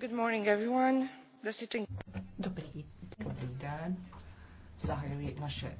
Dobrý, dobrý den. Zahajuji naše